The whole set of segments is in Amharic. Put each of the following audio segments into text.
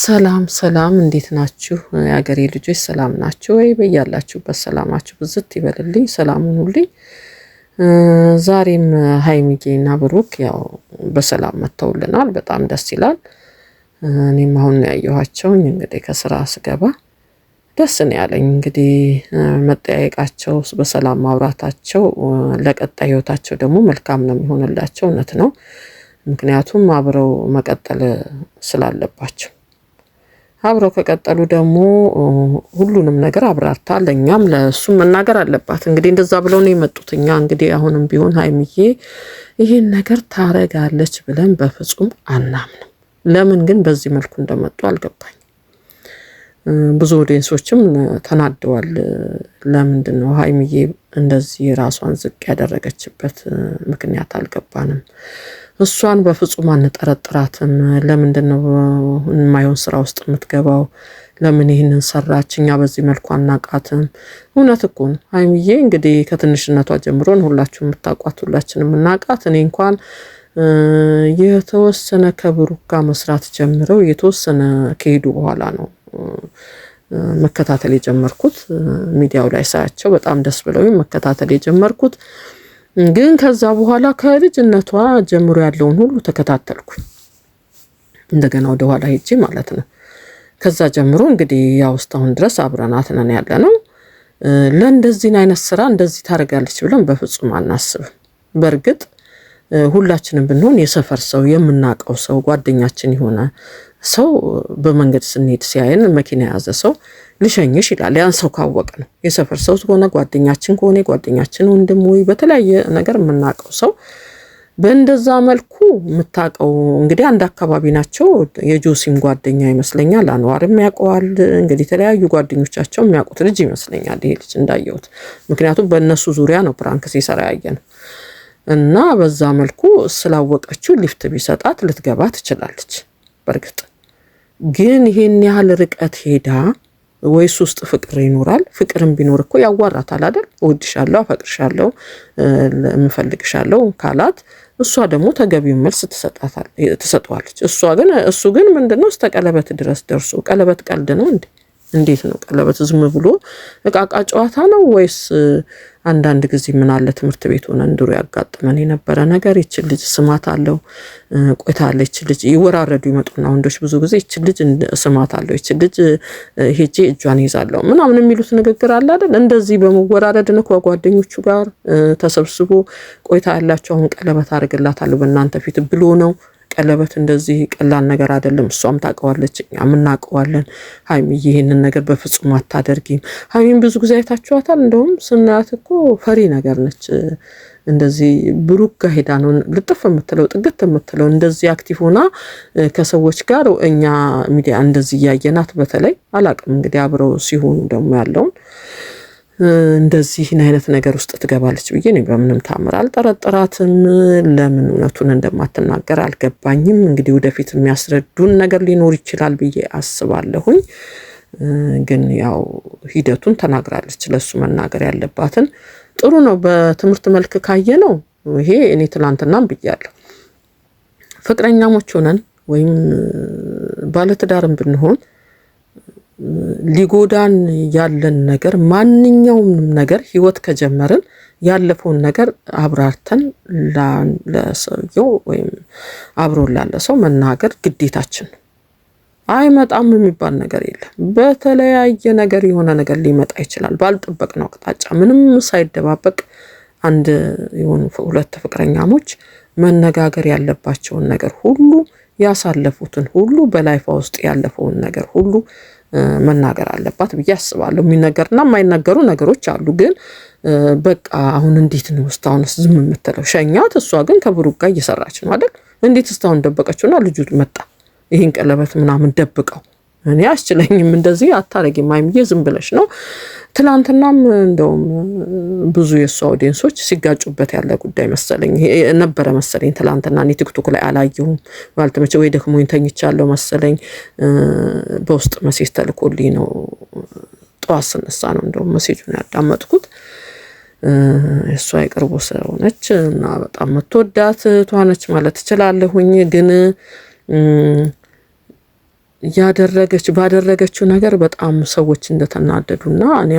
ሰላም ሰላም፣ እንዴት ናችሁ የአገሬ ልጆች? ሰላም ናችሁ ወይ? በያላችሁበት ሰላማችሁ ብዝት ይበልልኝ፣ ሰላም ሁልኝ። ዛሬም ሀይሚጌና ብሩክ ያው በሰላም መጥተውልናል። በጣም ደስ ይላል። እኔም አሁን ነው ያየኋቸውኝ። እንግዲህ ከስራ ስገባ ደስ ነው ያለኝ። እንግዲህ መጠያየቃቸው፣ በሰላም ማውራታቸው ለቀጣይ ህይወታቸው ደግሞ መልካም ነው የሚሆንላቸው። እውነት ነው፣ ምክንያቱም አብረው መቀጠል ስላለባቸው አብረው ከቀጠሉ ደግሞ ሁሉንም ነገር አብራርታ ለእኛም ለእሱም መናገር አለባት። እንግዲህ እንደዛ ብለው ነው የመጡት። እኛ እንግዲህ አሁንም ቢሆን ሀይሚዬ ይህን ነገር ታረጋለች ብለን በፍጹም አናምንም። ለምን ግን በዚህ መልኩ እንደመጡ አልገባኝ። ብዙ ኦዲየንሶችም ተናደዋል። ለምንድን ነው ሀይሚዬ እንደዚህ ራሷን ዝቅ ያደረገችበት ምክንያት አልገባንም። እሷን በፍጹም አንጠረጥራትም። ለምንድን ነው የማይሆን ስራ ውስጥ የምትገባው? ለምን ይህንን ሰራች? እኛ በዚህ መልኩ አናቃትም። እውነት እኮ ነው ሀይሚዬ። እንግዲህ ከትንሽነቷ ጀምሮን ሁላችሁ የምታውቋት ሁላችን የምናውቃት እኔ እንኳን የተወሰነ ከብሩክ ጋር መስራት ጀምረው የተወሰነ ከሄዱ በኋላ ነው መከታተል የጀመርኩት። ሚዲያው ላይ ሳያቸው በጣም ደስ ብለው መከታተል የጀመርኩት ግን ከዛ በኋላ ከልጅነቷ ጀምሮ ያለውን ሁሉ ተከታተልኩ። እንደገና ወደ ኋላ ሄጄ ማለት ነው። ከዛ ጀምሮ እንግዲህ ያው እስካሁን ድረስ አብረናት ነን ያለ ነው። ለእንደዚህን አይነት ስራ እንደዚህ ታደርጋለች ብለን በፍጹም አናስብም። በእርግጥ ሁላችንም ብንሆን የሰፈር ሰው የምናውቀው ሰው ጓደኛችን የሆነ ሰው በመንገድ ስንሄድ ሲያየን መኪና የያዘ ሰው ልሸኝሽ ይላል። ያን ሰው ካወቅ ነው። የሰፈር ሰው ከሆነ ጓደኛችን ከሆነ የጓደኛችን ወንድም ወይ በተለያየ ነገር የምናውቀው ሰው በእንደዛ መልኩ የምታውቀው እንግዲህ አንድ አካባቢ ናቸው። የጆሲም ጓደኛ ይመስለኛል፣ አንዋርም ያውቀዋል። እንግዲህ የተለያዩ ጓደኞቻቸው የሚያውቁት ልጅ ይመስለኛል ይሄ ልጅ እንዳየሁት። ምክንያቱም በእነሱ ዙሪያ ነው ፕራንክ ሲሰራ ያየ ነው። እና በዛ መልኩ ስላወቀችው ሊፍት ቢሰጣት ልትገባ ትችላለች በእርግጥ ግን ይሄን ያህል ርቀት ሄዳ ወይስ ውስጥ ፍቅር ይኖራል? ፍቅርም ቢኖር እኮ ያዋራታል አይደል? እወድሻለሁ፣ አፈቅርሻለሁ፣ እምፈልግሻለሁ ካላት እሷ ደግሞ ተገቢውን መልስ ትሰጠዋለች። እሷ ግን እሱ ግን ምንድነው እስከ ቀለበት ድረስ ደርሶ ቀለበት ቀልድ ነው እንዴ? እንዴት ነው ቀለበት ዝም ብሎ እቃቃ ጨዋታ ነው ወይስ አንዳንድ ጊዜ ምን አለ ትምህርት ቤት ሆነን ድሮ ያጋጥመን የነበረ ነገር ይችን ልጅ ስማት አለው ቆይታ አለ ልጅ ይወራረዱ ይመጡና ወንዶች ብዙ ጊዜ ይችን ልጅ ስማት አለው ይችን ልጅ ሄጄ እጇን ይዛለሁ ምናምን የሚሉት ንግግር አለ አይደል እንደዚህ በመወራረድ ነው ከጓደኞቹ ጋር ተሰብስቦ ቆይታ ያላቸው አሁን ቀለበት አድርግላታለሁ በእናንተ ፊት ብሎ ነው ቀለበት እንደዚህ ቀላል ነገር አይደለም። እሷም ታውቀዋለች፣ እኛም እናውቀዋለን። ሀይሚ ይህንን ነገር በፍጹም አታደርጊም። ሀይሚም ብዙ ጊዜ አይታችኋታል። እንደውም ስናያት እኮ ፈሪ ነገር ነች። እንደዚህ ብሩክ ጋር ሄዳ ነው ልጥፍ የምትለው ጥግት የምትለው እንደዚህ አክቲቭ ሆና ከሰዎች ጋር እኛ ሚዲያ እንደዚህ እያየናት በተለይ አላቅም እንግዲህ አብረው ሲሆኑ ደግሞ ያለውን እንደዚህን አይነት ነገር ውስጥ ትገባለች ብዬ እኔ በምንም ታምር አልጠረጠራትም። ለምን እውነቱን እንደማትናገር አልገባኝም። እንግዲህ ወደፊት የሚያስረዱን ነገር ሊኖር ይችላል ብዬ አስባለሁኝ። ግን ያው ሂደቱን ተናግራለች። ለሱ መናገር ያለባትን ጥሩ ነው። በትምህርት መልክ ካየ ነው ይሄ እኔ ትናንትናም ብያለሁ። ፍቅረኛሞች ሆነን ወይም ባለትዳርም ብንሆን ሊጎዳን ያለን ነገር ማንኛውም ነገር ህይወት ከጀመርን ያለፈውን ነገር አብራርተን ለሰውየው ወይም አብሮ ላለ ሰው መናገር ግዴታችን አይመጣም የሚባል ነገር የለም። በተለያየ ነገር የሆነ ነገር ሊመጣ ይችላል። ባልጠበቅነው አቅጣጫ ምንም ሳይደባበቅ አንድ የሆኑ ሁለት ፍቅረኛሞች መነጋገር ያለባቸውን ነገር ሁሉ ያሳለፉትን ሁሉ በላይፋ ውስጥ ያለፈውን ነገር ሁሉ መናገር አለባት ብዬ አስባለሁ። የሚነገርና የማይነገሩ ነገሮች አሉ። ግን በቃ አሁን እንዴት ነው እስካሁን ዝም የምትለው? ሸኛት። እሷ ግን ከብሩክ ጋር እየሰራች ነው አይደል? እንዴት እስካሁን ደበቀችውና ልጁ መጣ ይህን ቀለበት ምናምን ደብቀው እኔ አስችለኝም እንደዚህ አታረጊ ማይምዬ ዝም ብለሽ ነው ትናንትናም እንደውም ብዙ የእሱ አውዲየንሶች ሲጋጩበት ያለ ጉዳይ መሰለኝ ነበረ መሰለኝ። ትናንትና እኔ ቲክቶክ ላይ አላየሁም ባልተመቸ ወይ ደግሞ ተኝቻለሁ መሰለኝ። በውስጥ መሴጅ ተልኮልኝ ነው ጠዋት ስነሳ ነው እንደውም መሴጁን ያዳመጥኩት። እሷ የቅርቡ ሰው ነች እና በጣም የምትወዳት እህቷ ነች ማለት ትችላለሁኝ ግን ያደረገች ባደረገችው ነገር በጣም ሰዎች እንደተናደዱና እና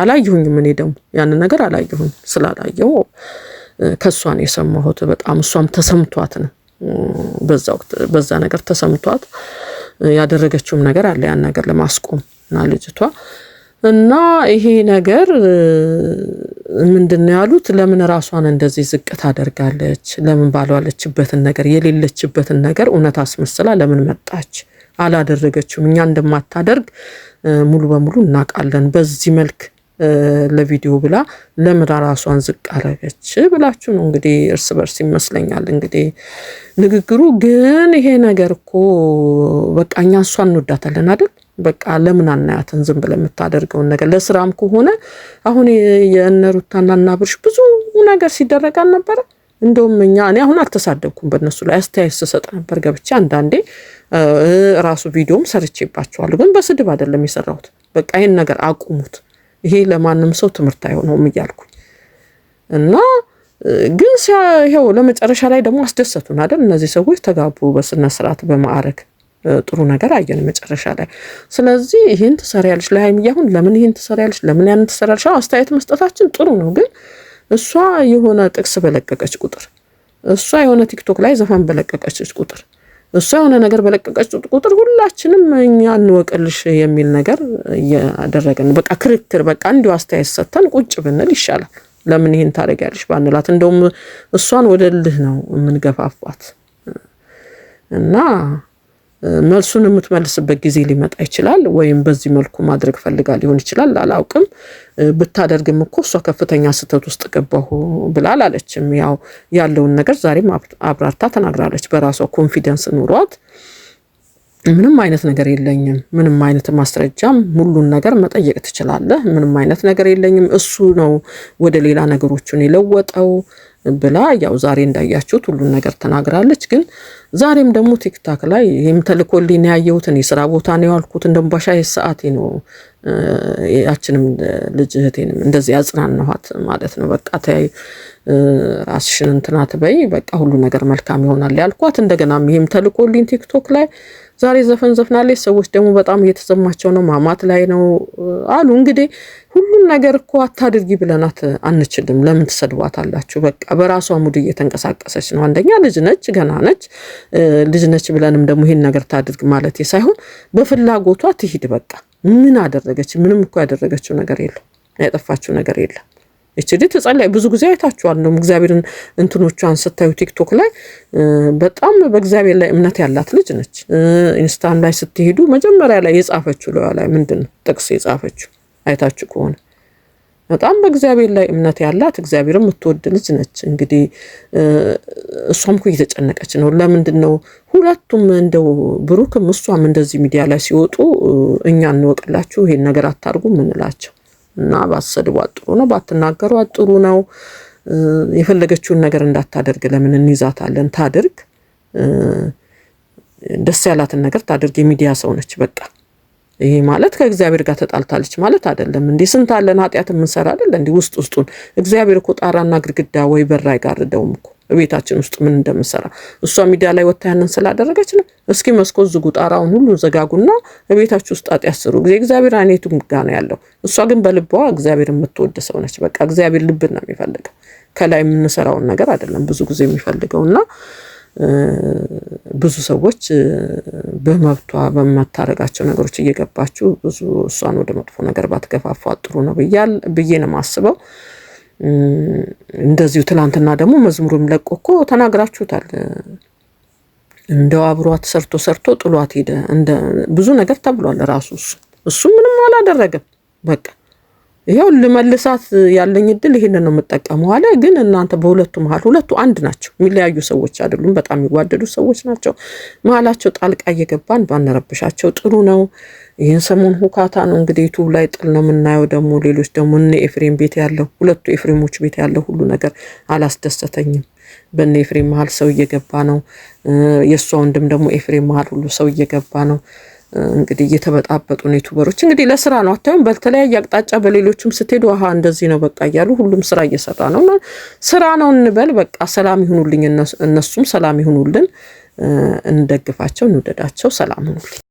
አላየሁኝም። እኔ ደግሞ ያንን ነገር አላየሁኝ። ስላላየው ከእሷን የሰማሁት በጣም እሷም ተሰምቷት ነው በዛ ወቅት በዛ ነገር ተሰምቷት ያደረገችውም ነገር አለ ያን ነገር ለማስቆም እና ልጅቷ እና ይሄ ነገር ምንድን ነው ያሉት? ለምን ራሷን እንደዚህ ዝቅ ታደርጋለች? ለምን ባሏለችበትን ነገር የሌለችበትን ነገር እውነት አስመስላ ለምን መጣች? አላደረገችውም። እኛ እንደማታደርግ ሙሉ በሙሉ እናውቃለን። በዚህ መልክ ለቪዲዮ ብላ ለምን ራሷን ዝቅ አረገች ብላችሁ ነው እንግዲህ እርስ በርስ ይመስለኛል እንግዲህ ንግግሩ። ግን ይሄ ነገር እኮ በቃ እኛ እሷን እንወዳታለን አይደል? በቃ ለምን አናያትን ዝም ብለህ የምታደርገውን ነገር ለስራም ከሆነ አሁን የእነሩታና እናብርሽ ብዙ ነገር ሲደረግ አልነበረ? እንደውም እኛ እኔ አሁን አልተሳደብኩም በእነሱ ላይ አስተያየት ስሰጥ ነበር ገብቼ አንዳንዴ ራሱ ቪዲዮም ሰርቼባቸዋለሁ። ግን በስድብ አይደለም የሰራሁት። በቃ ይህን ነገር አቁሙት፣ ይሄ ለማንም ሰው ትምህርት አይሆነውም እያልኩኝ እና ግን ይኸው ለመጨረሻ ላይ ደግሞ አስደሰቱን አይደል? እነዚህ ሰዎች ተጋቡ በስነ ስርዓት በማዕረግ ጥሩ ነገር አየን መጨረሻ ላይ። ስለዚህ ይህን ትሰሪያለሽ ለሀይሚዬ አሁን ለምን ይህን ትሰሪያለሽ ለምን ያንን ትሰሪያለሽ? አስተያየት መስጠታችን ጥሩ ነው፣ ግን እሷ የሆነ ጥቅስ በለቀቀች ቁጥር እሷ የሆነ ቲክቶክ ላይ ዘፈን በለቀቀች ቁጥር እሷ የሆነ ነገር በለቀቀች ቁጥር ሁላችንም እኛ እንወቅልሽ የሚል ነገር እያደረገን በቃ ክርክር፣ በቃ እንዲሁ አስተያየት ሰጥተን ቁጭ ብንል ይሻላል። ለምን ይህን ታደርጊያለሽ ባንላት፣ እንደውም እሷን ወደ ነው የምንገፋፋት እና መልሱን የምትመልስበት ጊዜ ሊመጣ ይችላል። ወይም በዚህ መልኩ ማድረግ ፈልጋ ሊሆን ይችላል፣ አላውቅም። ብታደርግም እኮ እሷ ከፍተኛ ስህተት ውስጥ ገባሁ ብላ አላለችም። ያው ያለውን ነገር ዛሬም አብራርታ ተናግራለች። በራሷ ኮንፊደንስ ኑሯት ምንም አይነት ነገር የለኝም፣ ምንም አይነት ማስረጃም፣ ሙሉን ነገር መጠየቅ ትችላለህ፣ ምንም አይነት ነገር የለኝም። እሱ ነው ወደ ሌላ ነገሮቹን የለወጠው ብላ ያው ዛሬ እንዳያችሁት ሁሉን ነገር ተናግራለች። ግን ዛሬም ደግሞ ቲክታክ ላይ ይህም ተልኮልኝ ያየሁትን የስራ ቦታ ነው ያልኩት እንደምባሻ የሰዓቴ ነው። ያችንም ልጅ እህቴንም እንደዚህ ያጽናናኋት ማለት ነው። በቃ ተያይ ራስሽን እንትናት በይ በቃ ሁሉ ነገር መልካም ይሆናል ያልኳት። እንደገናም ይህም ተልኮልኝ ቲክቶክ ላይ ዛሬ ዘፈን ዘፍናለች፣ ሰዎች ደግሞ በጣም እየተሰማቸው ነው፣ ማማት ላይ ነው አሉ። እንግዲህ ሁሉን ነገር እኮ አታድርጊ ብለናት አንችልም። ለምን ትሰድቧታላችሁ? በቃ በራሷ ሙድ እየተንቀሳቀሰች ነው። አንደኛ ልጅ ነች፣ ገና ነች፣ ልጅ ነች ብለንም ደግሞ ይሄን ነገር ታድርግ ማለት ሳይሆን በፍላጎቷ ትሂድ። በቃ ምን አደረገች? ምንም እኮ ያደረገችው ነገር የለም፣ ያጠፋችው ነገር የለም። እቺ ልጅ ተጸላይ ብዙ ጊዜ አይታችኋል። እንደውም እግዚአብሔርን እንትኖቿን ስታዩ ቲክቶክ ላይ በጣም በእግዚአብሔር ላይ እምነት ያላት ልጅ ነች። ኢንስታም ላይ ስትሄዱ መጀመሪያ ላይ የጻፈችው ለዋ ላይ ምንድን ነው ጥቅስ የጻፈችው አይታችሁ ከሆነ በጣም በእግዚአብሔር ላይ እምነት ያላት እግዚአብሔርን የምትወድ ልጅ ነች። እንግዲህ እሷም እኮ እየተጨነቀች ነው። ለምንድን ነው ሁለቱም እንደው ብሩክም እሷም እንደዚህ ሚዲያ ላይ ሲወጡ እኛ እንወቅላችሁ ይሄን ነገር አታርጉ ምንላቸው? እና ባሰድቧት ጥሩ ነው፣ ባትናገሯት ጥሩ ነው። የፈለገችውን ነገር እንዳታደርግ ለምን እንይዛታለን? ታድርግ፣ ደስ ያላትን ነገር ታድርግ። የሚዲያ ሰው ነች በቃ ይሄ ማለት ከእግዚአብሔር ጋር ተጣልታለች ማለት አይደለም። እንዴ ስንት አለን ኃጢአት የምንሰራ አይደለ እንዴ? ውስጥ ውስጡን እግዚአብሔር እኮ ጣራና ግድግዳ ወይ በር አይጋርደውም እኮ ቤታችን ውስጥ ምን እንደምንሰራ እሷ ሚዲያ ላይ ወታ ያንን ስላደረገች ነው። እስኪ መስኮት ዝጉ፣ ጣራውን ሁሉ ዘጋጉና ቤታችሁ ውስጥ ኃጢአት ስሩ። እግዚአብሔር አይነቱ ጋ ነው ያለው። እሷ ግን በልቧ እግዚአብሔር የምትወድ ሰው ነች። በቃ እግዚአብሔር ልብን ነው የሚፈልገው፣ ከላይ የምንሰራውን ነገር አይደለም ብዙ ጊዜ የሚፈልገው እና ብዙ ሰዎች በመብቷ በማታረጋቸው ነገሮች እየገባችሁ ብዙ እሷን ወደ መጥፎ ነገር ባትገፋፏት ጥሩ ነው ብያል ብዬ ነው የማስበው። እንደዚሁ ትላንትና ደግሞ መዝሙሩም ለቆ እኮ ተናግራችሁታል። እንደው አብሯት ሰርቶ ሰርቶ ጥሏት ሄደ፣ ብዙ ነገር ተብሏል። ራሱ እሱ እሱ ምንም አላደረገም በቃ ይኸው ልመልሳት ያለኝ እድል ይሄንን ነው የምጠቀመው አለ። ግን እናንተ በሁለቱ መሀል ሁለቱ አንድ ናቸው፣ የሚለያዩ ሰዎች አይደሉም። በጣም የሚዋደዱ ሰዎች ናቸው። መሀላቸው ጣልቃ እየገባን ባንረብሻቸው ጥሩ ነው። ይህን ሰሞን ሁካታ ነው እንግዲህ ዩቱብ ላይ ጥል ነው የምናየው። ደግሞ ሌሎች ደግሞ እነ ኤፍሬም ቤት ያለው ሁለቱ ኤፍሬሞች ቤት ያለው ሁሉ ነገር አላስደሰተኝም። በእነ ኤፍሬም መሀል ሰው እየገባ ነው። የእሷ ወንድም ደግሞ ኤፍሬም መሀል ሁሉ ሰው እየገባ ነው። እንግዲህ እየተበጣበጡ ነው ዩቱበሮች። እንግዲህ ለስራ ነው አታዩም? በተለያየ አቅጣጫ በሌሎችም ስትሄዱ አሀ እንደዚህ ነው በቃ እያሉ ሁሉም ስራ እየሰራ ነው። ስራ ነው እንበል በቃ። ሰላም ይሁኑልኝ፣ እነሱም ሰላም ይሁኑልን። እንደግፋቸው፣ እንውደዳቸው። ሰላም ይሁኑልኝ።